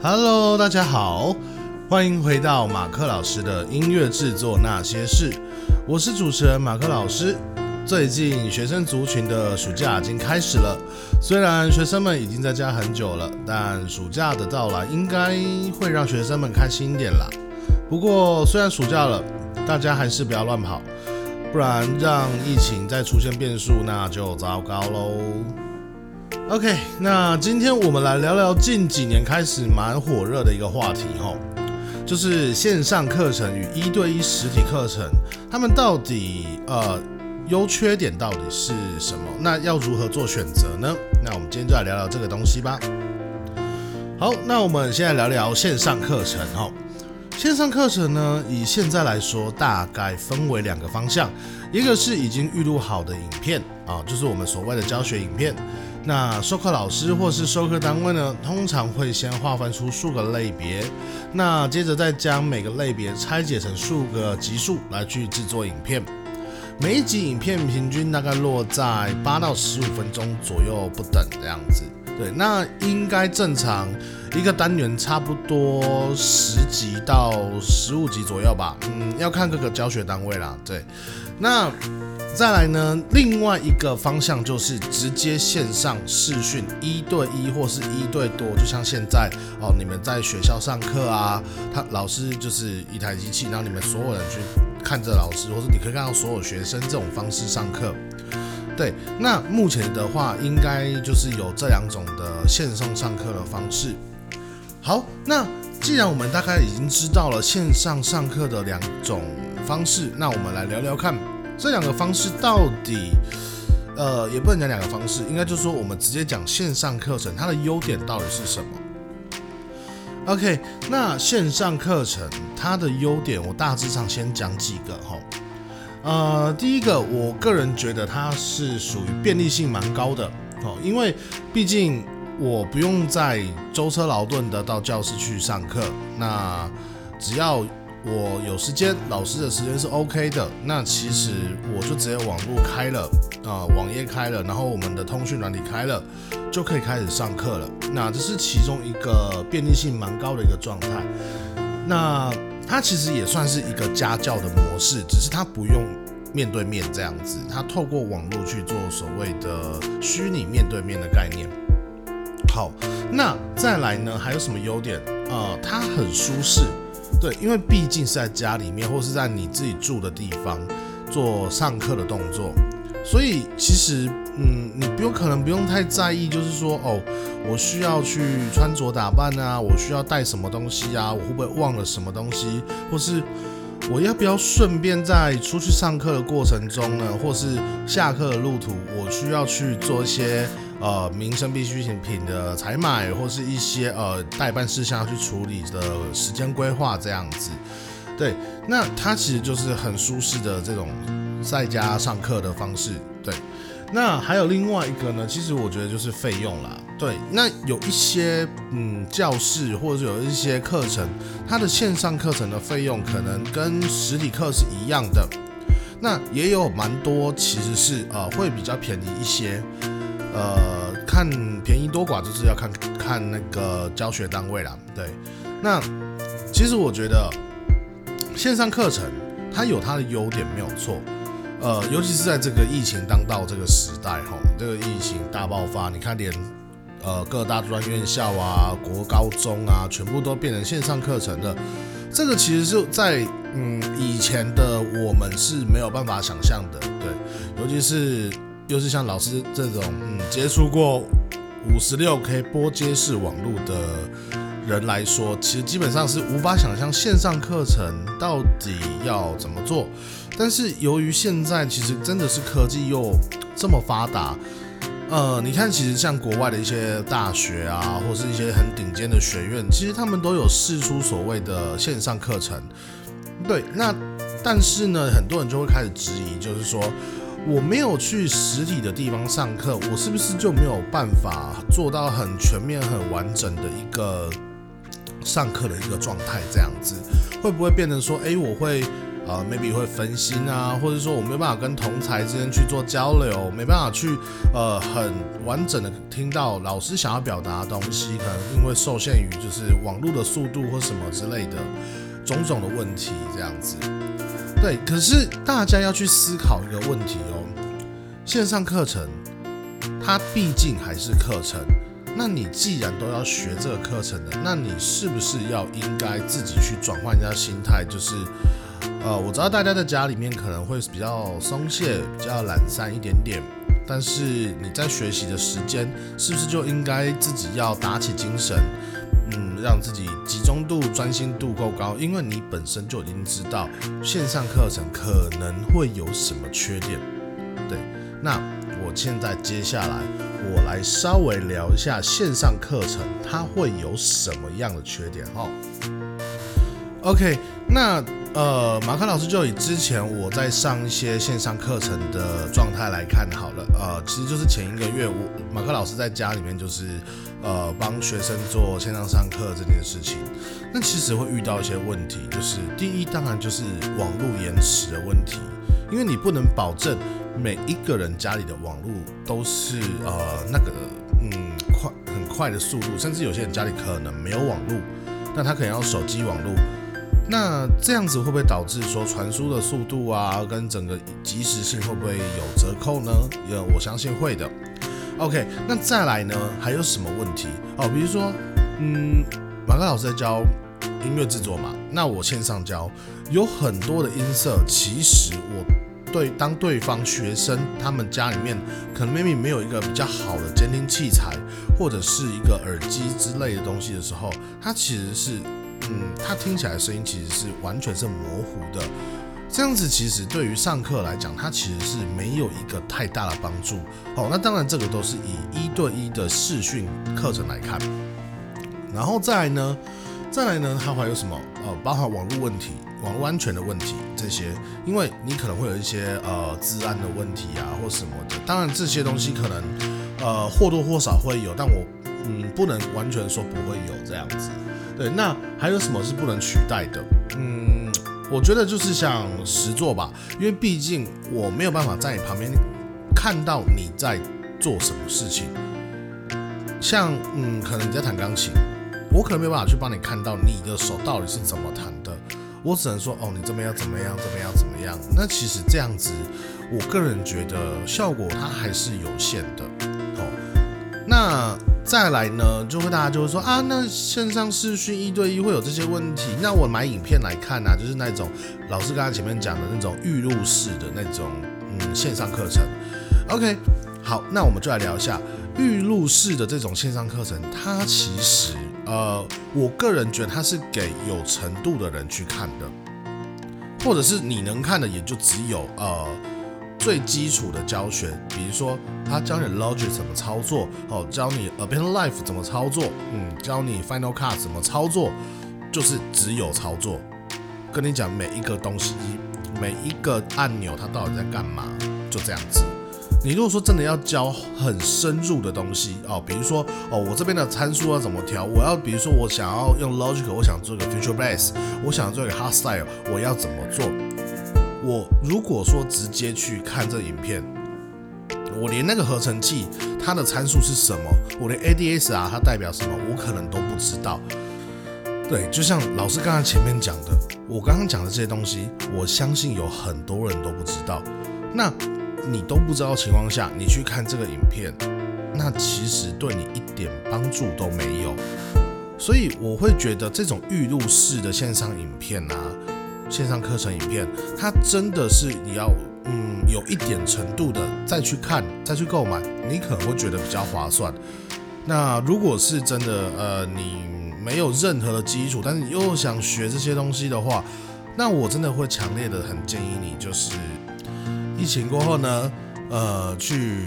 Hello，大家好，歡迎回到馬克老師的音樂製作那些事。我是主持人馬克老師。最近學生族群的暑假已經開始了，雖然學生們已經在家很久了，但暑假的到來應該會讓學生們開心一點啦。不過，雖然暑假了，大家還是不要亂跑，不然讓疫情再出現變數，那就糟糕嘍。OK，那今天我們來聊聊近幾年開始蠻火熱的一個話題吼，就是線上課程與一對一實體課程，他們到底呃優缺點到底是什麼？那要如何做選擇呢？那我們今天就來聊聊這個東西吧。好，那我們先來聊聊線上課程吼，線上課程呢，以現在來說大概分為兩個方向，一個是已經預錄好的影片啊，就是我們所謂的教學影片。那授課老師或是授課單位呢，通常會先劃分出數個類別，那接着再將每個類別拆解成數個集數來去制作影片，每一集影片平均大概落在八到十五分鐘左右不等的樣子。對，那應該正常一個單元差不多十集到十五集左右吧。嗯，要看各個教學單位啦。對，那。再來呢，另外一個方向就是直接線上視訊一對一或是一對多，就像現在哦，你們在學校上課啊，他老師就是一台機器，然後你們所有人去看着老師，或者你可以看到所有學生這種方式上課。對，那目前的話，應該就是有這兩種的線上上課的方式。好，那既然我們大概已經知道了線上上課的兩種方式，那我們來聊聊看。這兩個方式到底，呃，也不能講兩個方式，應該就是說，我們直接講線上課程它的優點到底是什麼？OK，那線上課程它的優點，我大致上先講幾個哈。呃，第一個，我個人覺得它是屬於便利性蠻高的哦，因為畢竟我不用再舟車勞頓的到教室去上課，那只要。我有時間，老師的時間是 OK 的。那其實我就直接網路開了啊，呃，網頁開了，然後我們的通訊軟體開了，就可以開始上課了。那這是其中一個便利性蠻高的一個狀態。那它其實也算是一個家教的模式，只是它不用面對面這樣子，它透過網路去做所謂的虛擬面對面的概念。好，那再來呢？還有什麼優點啊？呃，它很舒適。對，因為畢竟是在家裡面，或是在你自己住的地方做上課的動作，所以其實，嗯，你不用，可能不用太在意，就是說，哦，我需要去穿着打扮啊，我需要帶什麼東西啊，我會不會忘了什麼東西，或是我要不要順便在出去上課的過程中呢，或是下課的路途，我需要去做一些。呃，民生必需品的採買或是一些呃待辦事項要去處理的時間規劃這樣子，對，那它其實就是很舒適的這種在家上課的方式，對。那還有另外一個呢，其實我覺得就是費用啦。對。那有一些嗯教室或者是有一些課程，它的線上課程的費用可能跟實體課是一樣的，那也有蠻多其實是呃會比較便宜一些。呃，看便宜多寡，就是要看看那個教學單位啦。對，那其實我覺得線上課程它有它的優點，沒有錯。呃，尤其是在這個疫情當道這個時代，齁，這個疫情大爆發，你看連呃各大專院校啊、國高中啊，全部都變成線上課程的，這個其實是在嗯以前的我們是沒有辦法想象的。對，尤其是。又是像老師這種嗯接觸過五十六 K 撥接式網絡的人來說，其實基本上是無法想象線上課程到底要怎麼做。但是由於現在其實真的是科技又這麼發達，呃，你看其實像國外的一些大學啊，或是一些很頂尖的學院，其實他們都有釋出所謂的線上課程。對，那但是呢，很多人就會開始質疑，就是說。我沒有去實體的地方上課，我是不是就沒有辦法做到很全面、很完整的一個上課的一個狀態？這樣子會不會變成說，哎，我會呃，maybe 會分心啊，或者說我沒有辦法跟同儕之間去做交流，沒辦法去呃很完整的聽到老師想要表達的東西，可能因為受限於就是網絡的速度或什麼之類的種種的問題，這樣子。對，可是大家要去思考一個問題哦。線上課程，它畢竟還是課程。那你既然都要學這個課程的，那你是不是要應該自己去轉換一下心態？就是，呃，我知道大家在家裡面可能會比較鬆懈、比較懶散一點點，但是你在學習的時間，是不是就應該自己要打起精神？嗯，讓自己集中度、專心度夠高，因為你本身就已經知道線上課程可能會有什麼缺點。那我現在接下來，我來稍微聊一下線上課程，它會有什麼樣的缺點？哈，OK，那呃，馬克老師就以之前我在上一些線上課程的狀態來看好了，呃，其實就是前一個月我馬克老師在家裡面就是呃幫學生做線上上課這件事情，那其實會遇到一些問題，就是第一，當然就是網絡延遲的問題，因為你不能保證。每一個人家裡的網絡都是呃那個嗯快，很快的速度，甚至有些人家裡可能沒有網絡，那他可能要手機網絡，那這樣子會不會導致說傳輸的速度啊跟整個即時性會不會有折扣呢？也我相信會的。OK，那再來呢，還有什麼問題？哦，比如說嗯，馬克老師在教音樂製作嘛，那我線上教有很多的音色，其實我。對，當對方學生他們家裡面可能 maybe 妹妹沒有一個比較好的監聽器材，或者是一個耳機之類的東西的時候，他其實是，嗯，他聽起來的聲音其實是完全是模糊的，這樣子其實對於上課來講，它其實是沒有一個太大的幫助。哦。那當然這個都是以一對一的視訊課程來看，然後再來呢。再來呢，它還有什麼？呃，包括網絡問題、網絡安全的問題這些，因為你可能會有一些呃資安的問題啊，或什麼的。當然這些東西可能，呃或多或少會有，但我嗯不能完全說不會有這樣子。對，那還有什麼是不能取代的？嗯，我覺得就是像實作吧，因為畢竟我沒有辦法在你旁邊看到你在做什麼事情，像嗯可能你在彈鋼琴。我可能沒有辦法去幫你看到你的手到底是怎麼彈的，我只能說哦，你這邊要怎麼樣，這邊要怎麼樣。那其實這樣子，我個人覺得效果它還是有限的。哦。那再來呢，就會大家就會說啊，那線上視訊一對一會有這些問題。那我買影片來看啊，就是那種老師剛才前面講的那種預錄式的那種嗯線上課程。OK，好，那我們就來聊一下預錄式的這種線上課程，它其實。呃，我個人覺得它是給有程度的人去看的，或者是你能看的也就只有呃最基礎的教學，比如說他教你 Logic 怎麼操作，哦，教你 Apple Life 怎麼操作，嗯，教你 Final Cut 怎麼操作，就是只有操作。跟你講每一個東西，每一個按鈕它到底在幹嘛，就這樣子。你如果說真的要教很深入的東西哦，比如說哦，我這邊的參數要怎麼調？我要比如說我想要用 Logic，我想做一個 Future Bass，我想做一個 Hard Style，我要怎麼做？我如果說直接去看這影片，我連那個合成器它的參數是什麼，我連 ADSR 啊它代表什麼，我可能都不知道。對，就像老師剛剛前面講的，我剛剛講的這些東西，我相信有很多人都不知道。那你都不知道情況下，你去看這個影片，那其實對你一點幫助都沒有。所以我會覺得這種預錄式的線上影片啊，線上課程影片，它真的是你要嗯，有一點程度的再去看，再去購買，你可能會覺得比較划算。那如果是真的呃，你沒有任何的基礎，但是你又想學這些東西的話，那我真的會強烈的很建議你就是。疫情過後呢，呃，去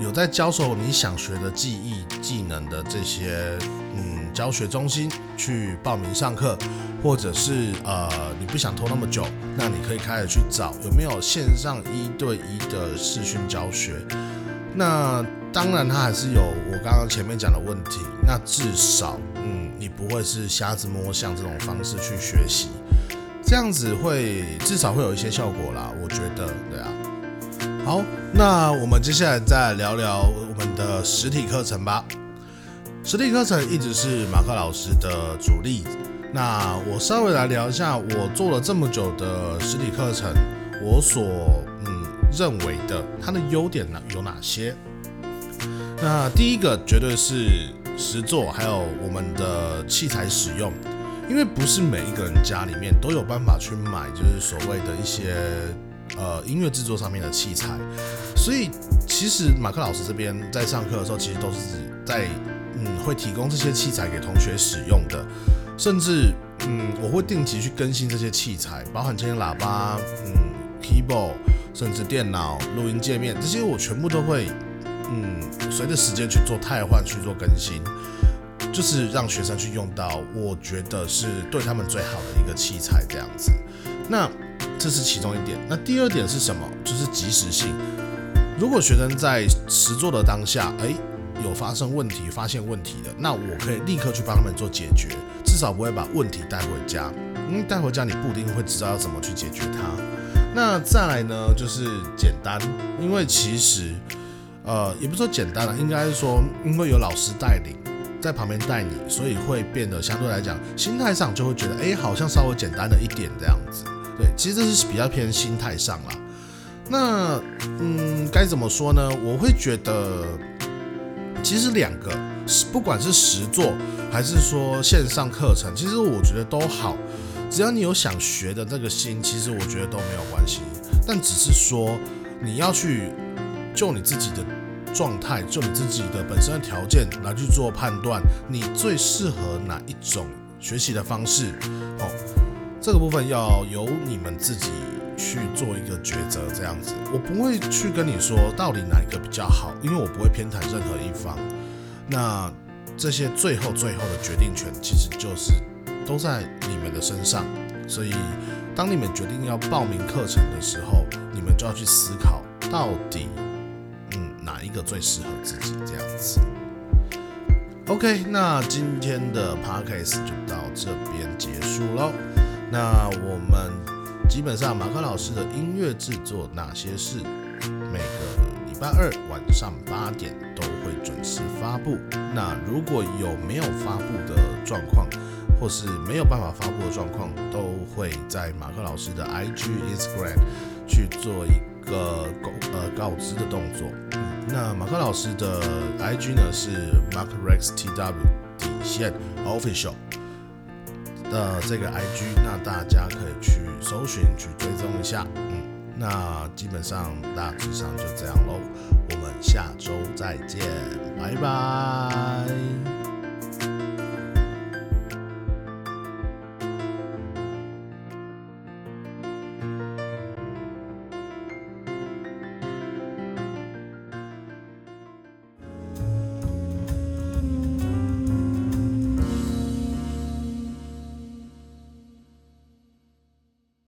有在教授你想學的技藝技能的這些嗯教學中心去報名上課，或者是呃你不想拖那麼久，那你可以開始去找有沒有線上一對一的視訊教學。那當然它還是有我剛剛前面講的問題。那至少嗯你不會是瞎子摸象這種方式去學習，這樣子會至少會有一些效果啦，我覺得，對啊。好，那我們接下來再來聊聊我們的實體課程吧。實體課程一直是馬克老師的主力。那我稍微來聊一下，我做了這麼久的實體課程，我所嗯認為的它的優點呢有，有哪些？那第一個絕對是實作，還有我們的器材使用，因為不是每一個人家裡面都有辦法去買，就是所謂的一些。呃，音樂製作上面的器材，所以其實馬克老師這邊在上課的時候，其實都是在嗯，會提供這些器材給同學使用的，甚至嗯，我會定期去更新這些器材，包含這些喇叭，嗯，keyboard，甚至電腦錄音介面這些，我全部都會嗯，隨着時間去做汰換，去做更新，就是讓學生去用到，我覺得是對他們最好的一個器材這樣子。那。這是其中一點。那第二點是什麼？就是即時性。如果學生在實作的當下，哎，有發生問題、發現問題了，那我可以立刻去幫他們做解決，至少不會把問題帶回家。嗯，因為帶回家你不一定會知道要怎麼去解決它。那再來呢？就是簡單，因為其實，呃，也不說簡單了、啊，應該是說，因為有老師帶領在旁邊帶你，所以會變得相對來講，心態上就會覺得，哎，好像稍微簡單了一點這樣子。對，其實這是比較偏心態上啦。那，嗯，該怎麼說呢？我會覺得，其實兩個，不管是實作還是說線上課程，其實我覺得都好。只要你有想學的那個心，其實我覺得都沒有關係。但只是說，你要去就你自己的狀態，就你自己的本身的條件，拿去做判斷，你最適合哪一種學習的方式，哦。這個部分要由你們自己去做一個抉擇，這樣子，我不會去跟你說到底哪一個比較好，因為我不會偏袒任何一方。那這些最後最後的決定權，其實就是都在你們的身上。所以，當你們決定要報名課程的時候，你們就要去思考到底，嗯，哪一個最適合自己，這樣子。OK，那今天的 Podcast 就到這邊結束嘍。那我們基本上馬克老師的音樂製作哪些事，每個禮拜二晚上八點都會準時發布。那如果有沒有發布的狀況，或是沒有辦法發布的狀況，都會在馬克老師的 IG Instagram 去做一個告呃告知的動作。那馬克老師的 IG 呢是 MarkRexTW 底線 official。的這個 IG，那大家可以去搜尋、去追蹤一下。嗯，那基本上大致上就這樣嘍。我們下周再見，拜拜。